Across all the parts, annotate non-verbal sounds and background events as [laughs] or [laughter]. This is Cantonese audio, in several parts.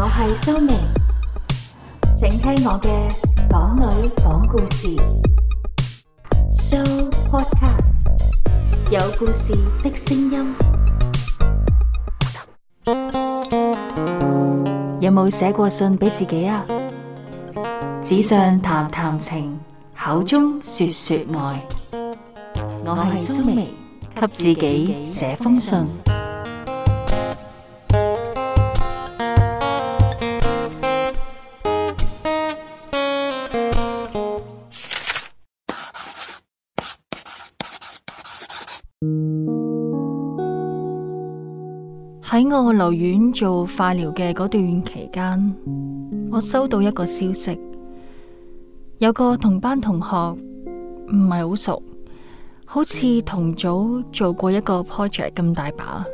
我係蘇明，請聽我嘅港女講故事。蘇 Podcast 有故事的聲音。有冇寫過信俾自己啊？紙上談談情，口中說說愛。我係蘇明，給自己寫封信。喺我留院做化療嘅嗰段期間，我收到一個消息，有個同班同學唔係好熟，好似同組做過一個 project 咁大把，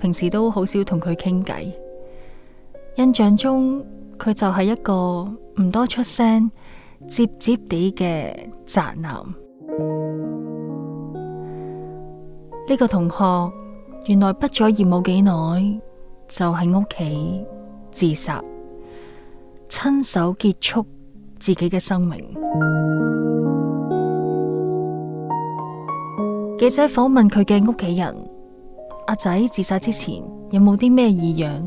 平時都好少同佢傾偈。印象中佢就係一個唔多出聲、接接地嘅宅男。呢個同學。原來畢咗業冇幾耐，就喺屋企自殺，親手結束自己嘅生命。 [music] 記者訪問佢嘅屋企人，阿仔自殺之前有冇啲咩異樣？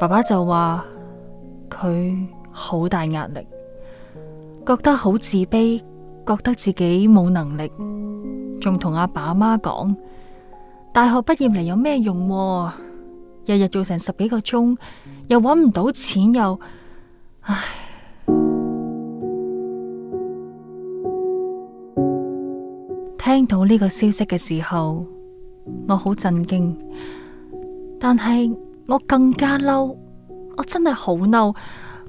爸爸就話佢好大壓力，覺得好自卑，覺得自己冇能力，仲同阿爸阿媽講。大學畢業嚟有咩用啊？日日做成十幾個鐘，又搵唔到錢又，又唉！聽到呢個消息嘅時候，我好震驚，但係我更加嬲，我真係好嬲，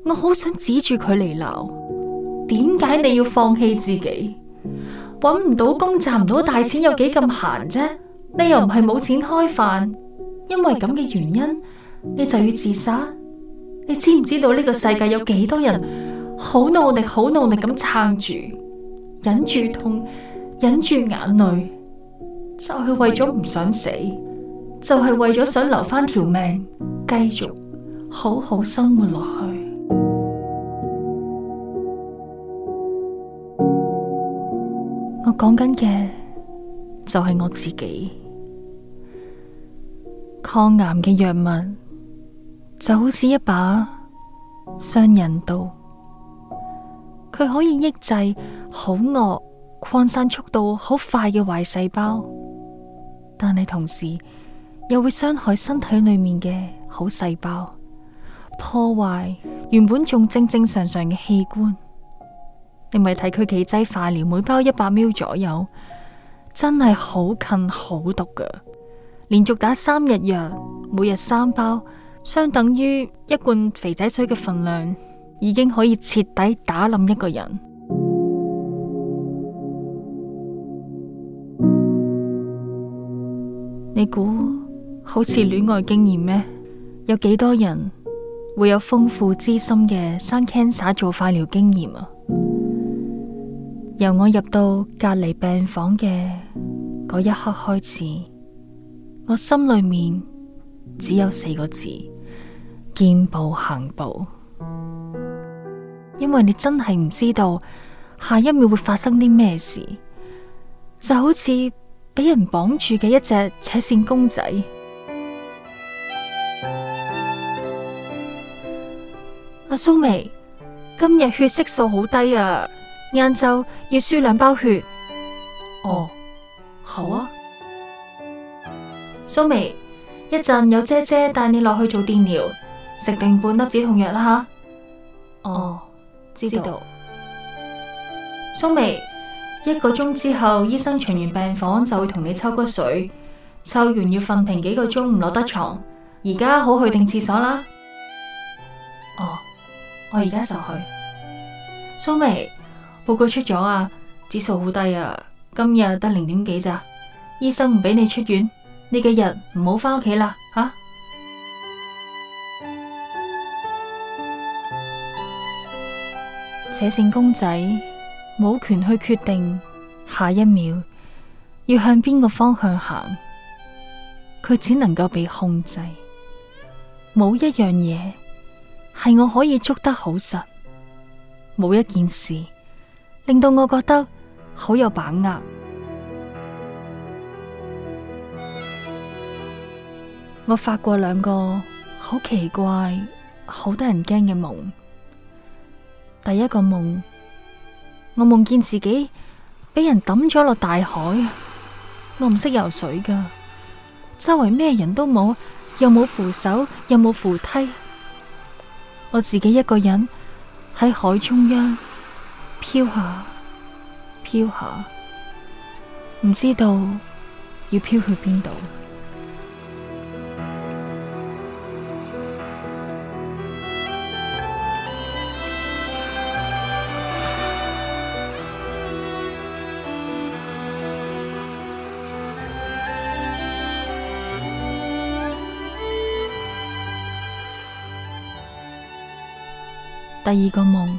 我好想指住佢嚟鬧。點解你要放棄自己？搵唔到工，賺唔到大錢，有幾咁閒啫？你又唔係冇錢開飯，因為咁嘅原因，你就要自殺？你知唔知道呢個世界有幾多人好努力、好努力咁撐住，忍住痛、忍住眼淚，就係為咗唔想死，就係為咗想留翻條命，繼續好好生活落去。我講緊嘅就係我自己。抗癌嘅藥物就好似一把雙刃刀，佢可以抑制好惡擴散速度好快嘅壞細胞，但係同時又會傷害身體裏面嘅好細胞，破壞原本仲正正常常嘅器官。你咪睇佢幾劑化療，每包一百秒左右，真係好近好毒噶。連續打三日藥，每日三包，相等於一罐肥仔水嘅份量，已經可以徹底打冧一個人。 [music] 你估好似戀愛經驗咩？有幾多人會有豐富資深嘅生 cancer 做化療經驗啊？由我入到隔離病房嘅嗰一刻開始。我心裏面只有四個字：見步行步，因為你真係唔知道下一秒會發生啲咩事，就好似俾人綁住嘅一隻扯線公仔。阿蘇眉，今日血色素好低啊，晏晝要輸兩包血。哦， [music] oh, 好啊。 [music] 蘇眉，一陣有姐姐帶你落去做電療，食定半粒止痛藥啦吓。哦，知道。蘇眉，一個鐘之後醫生巡完病房就會同你抽骨水，抽完要瞓平幾個鐘唔落得床。而家好去定廁所啦。哦，我而家就去。蘇眉，報告出咗啊，指數好低啊，今日得零點幾咋？醫生唔俾你出院。呢幾日唔好翻屋企啦，吓！啊、扯線公仔冇權去決定下一秒要向邊個方向行，佢只能夠被控制。冇一樣嘢係我可以捉得好實，冇一件事令到我覺得好有把握。我發過兩個好奇怪，好得人驚嘅夢。第一個夢，我夢見自己俾人抌咗落大海，我唔識游水㗎，周圍咩人都冇，又冇扶手，又冇扶梯，我自己一個人喺海中央飄下飄下，唔知道要飄去邊度。第二個夢，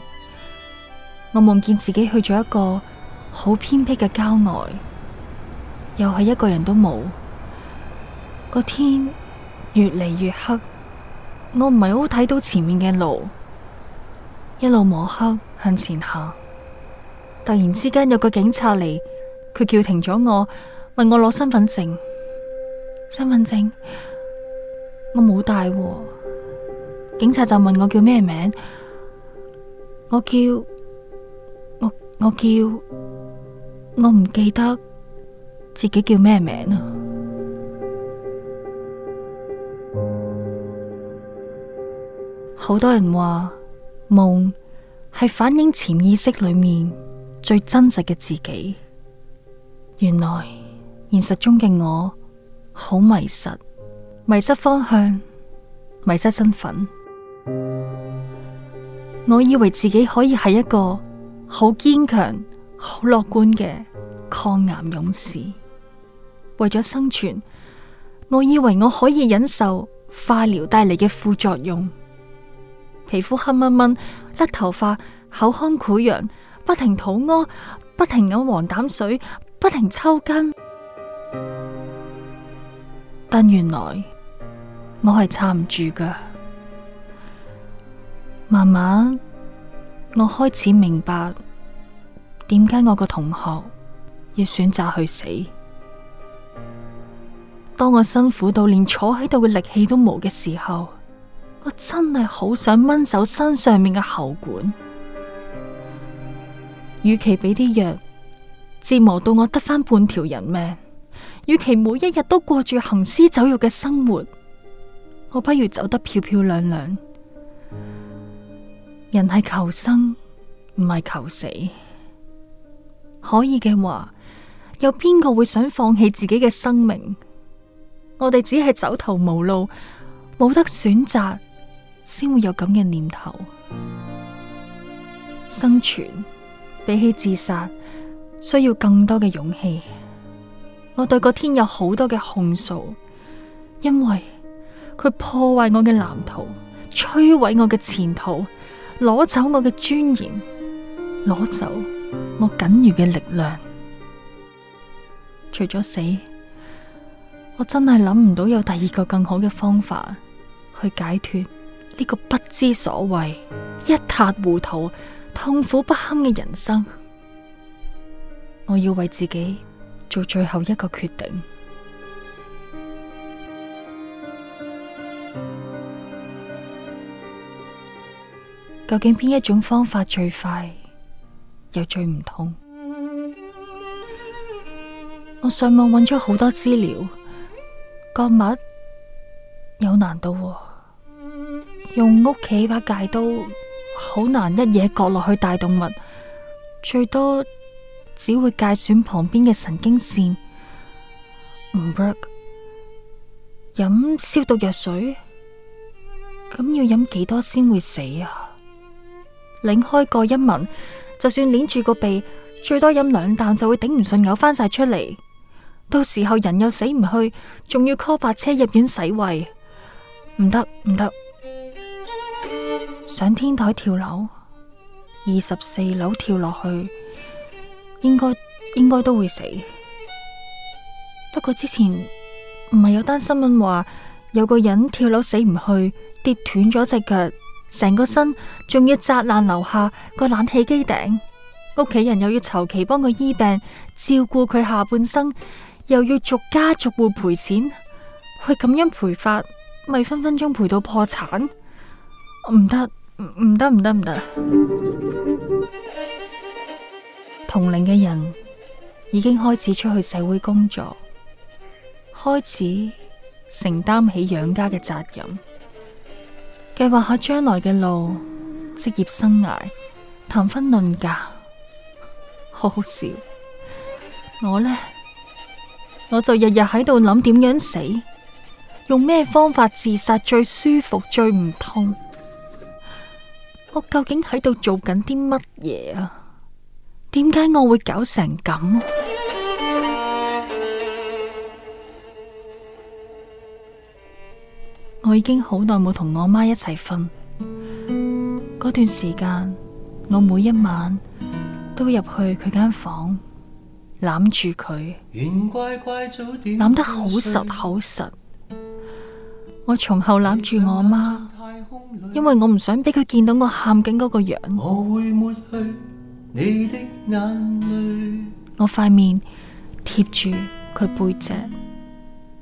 我夢見自己去咗一個好偏僻嘅郊外，又係一個人都冇。個天越嚟越黑，我唔係好睇到前面嘅路，一路摸黑向前行。突然之間有個警察嚟，佢叫停咗我，問我攞身份證。身份證我冇帶喎，警察就問我叫咩名。我叫我我叫我唔記得自己叫咩名啊。好多人話夢係反映潛意識裏面最真實嘅自己。原來現實中嘅我好迷失，迷失方向，迷失身份。我以為自己可以係一個好堅強、好樂觀嘅抗癌勇士，為咗生存，我以為我可以忍受化療帶嚟嘅副作用，皮膚黑掹掹，甩頭髮，口腔潰瘍，不停肚屙，不停嘔黃膽水，不停抽筋，但原來我係撐唔住㗎。慢慢，我開始明白點解我個同學要選擇去死。當我辛苦到連坐喺度嘅力氣都冇嘅時候，我真係好想掹走身上面嘅喉管。與其俾啲藥折磨到我得返半條人命，與其每一日都過住行屍走肉嘅生活，我不如走得漂漂亮亮。人係求生，唔係求死。可以嘅話，有邊個會想放棄自己嘅生命？我哋只係走投無路，冇得選擇，先會有咁嘅念頭。生存比起自殺，需要更多嘅勇氣。我對個天有好多嘅控訴，因為佢破壞我嘅藍圖，摧毀我嘅前途。攞走我嘅尊嚴，攞走我僅餘嘅力量，除咗死，我真係諗唔到有第二個更好嘅方法去解脱呢個不知所謂、一塌糊塗、痛苦不堪嘅人生。我要為自己做最後一個決定。究竟邊一種方法最快又最唔痛？我上網揾咗好多資料，割物有難度喎，用屋企把戒刀好難一嘢割落去大動物，最多只會戒損旁邊嘅神經線。唔 work？飲消毒藥水，咁要飲幾多先會死啊？擰開個一聞，就算捏住個鼻，最多飲兩啖就會頂唔順嘔翻晒出嚟。到時候人又死唔去，仲要 call 白車入院洗胃。唔得唔得，上天台跳樓，二十四樓跳落去，應該應該都會死。不過之前唔係有單新聞話，有個人跳樓死唔去，跌斷咗隻腳。成個身仲要砸爛樓下個冷氣機頂，屋企人又要籌期幫佢醫病，照顧佢下半生，又要逐家逐戶賠錢，佢咁樣賠法，咪分分鐘賠到破產。唔得，唔得，唔得，唔得，同齡嘅人已經開始出去社會工作，開始承擔起養家嘅責任。計劃下將來嘅路、職業生涯、談婚論嫁，好好笑。我呢，我就日日喺度諗點樣死，用咩方法自殺最舒服、最唔痛。我究竟喺度做緊啲乜嘢啊？點解我會搞成咁？我已經好耐冇同我媽一齊瞓，嗰段時間我每一晚都會入去佢間房攬住佢，攬得好實好實。我從後攬住我媽，因為我唔想俾佢見到我喊緊嗰個樣。我會抹去你嘅眼淚。我塊面貼住佢背脊，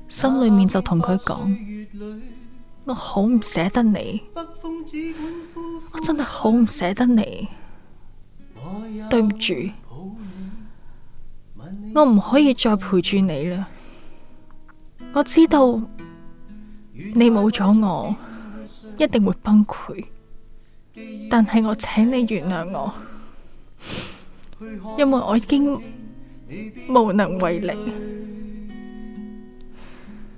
心裏面就同佢講。我好唔捨得你，我真係好唔捨得你。對唔住，我唔可以再陪住你啦。我知道你冇咗我，一定會崩潰。但係我請你原諒我，因為我已經無能為力，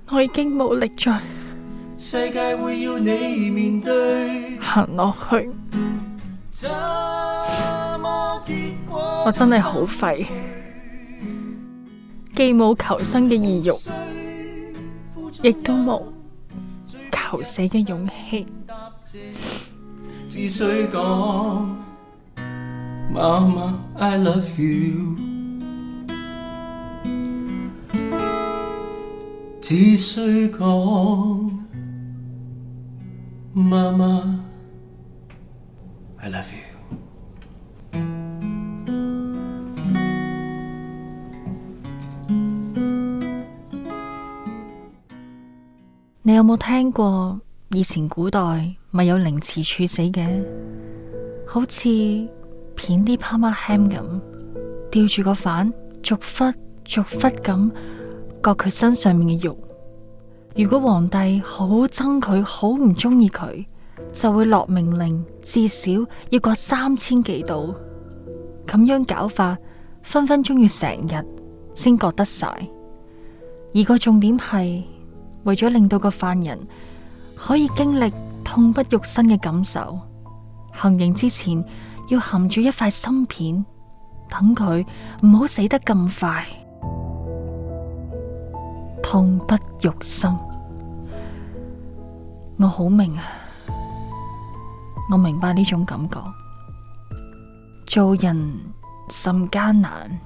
我已經冇力再。行落去， [laughs] 我真係好廢， [laughs] 既冇求生嘅意欲，亦都冇求死嘅勇氣， [laughs] 只需講媽媽，I love you，只需講。媽媽，I love you。 [noise] [noise] 你有冇聽過以前古代咪有凌遲處死嘅？好似片啲 Parma ham 咁，吊住個反，逐忽逐忽咁割佢身上面嘅肉。如果皇帝好憎佢，好唔中意佢，就會落命令，至少要過三千幾度，咁樣搞法，分分鐘要成日先覺得晒。而個重點係，為咗令到個犯人可以經歷痛不欲生嘅感受，行刑之前要含住一塊參片，等佢唔好死得咁快。痛不欲生，我好明啊！我明白呢種感覺。做人甚艱難，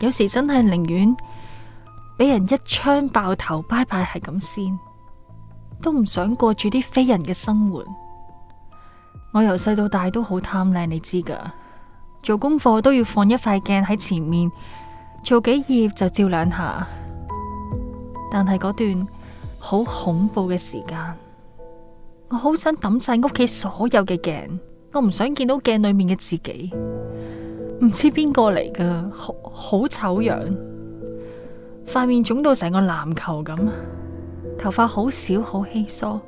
有時真係寧願俾人一槍爆頭，拜拜係咁先，都唔想過住啲非人嘅生活。我由細到大都好貪靚，你知㗎。做功課都要放一塊鏡喺前面，做幾頁就照兩下。但係嗰段好恐怖嘅時間，我好想抌晒屋企所有嘅鏡，我唔想見到鏡裏面嘅自己，唔知邊個嚟噶，好好醜樣，塊面腫到成個籃球咁，頭髮好少好稀疏，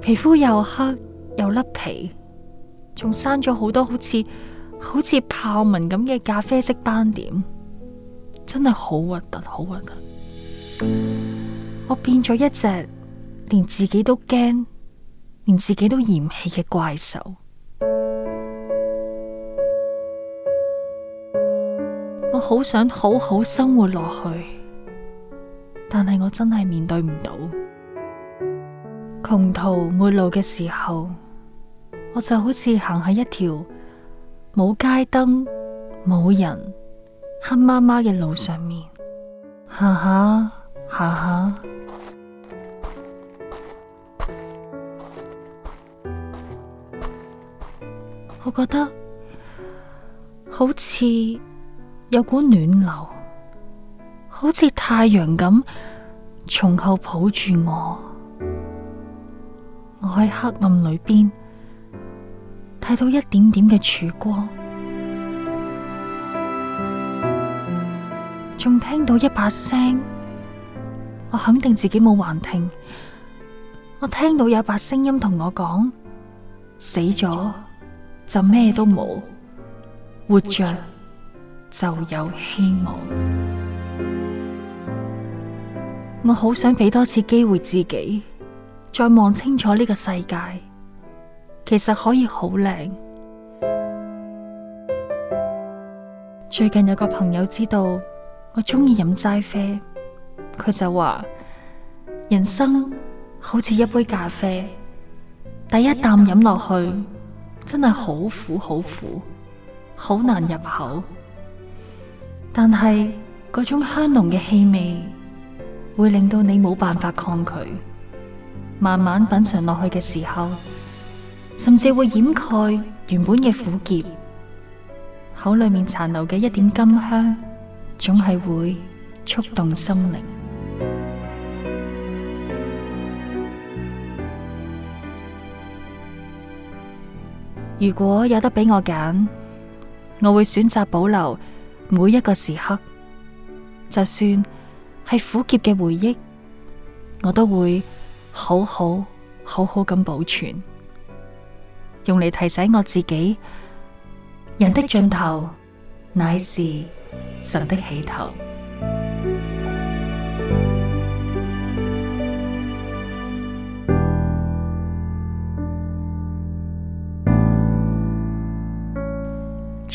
皮膚又黑又甩皮，仲生咗好多好似好似豹紋咁嘅咖啡色斑點，真係好核突，好核突。我變咗一隻連自己都驚、連自己都嫌棄嘅怪獸。我好想好好生活落去，但係我真係面對唔到窮途末路嘅時候，我就好似行喺一條冇街燈、冇人、黑麻麻嘅路上面，哈哈。走走下下，我覺得好似有股暖流，好似太陽咁從後抱住我，我喺黑暗裏邊睇到一點點嘅曙光，仲聽到一把聲。我肯定自己冇幻聽，我聽到有把聲音同我講：死咗就咩都冇，活着就有希望。 [music] 我好想俾多次機會自己，再望清楚呢個世界，其實可以好靚。最近有個朋友知道我中意飲齋啡。佢就話：人生好似一杯咖啡，第一啖飲落去，真係好苦，好苦，好難入口。但係嗰種香濃嘅氣味，會令到你冇辦法抗拒。慢慢品嘗落去嘅時候，甚至會掩蓋原本嘅苦澀。口裏面殘留嘅一點甘香，總係會觸動心靈。如果有得俾我揀，我會選擇保留每一個時刻，就算係苦澀嘅回憶，我都會好好好好咁保存，用嚟提醒我自己，人的盡頭乃是神的起頭。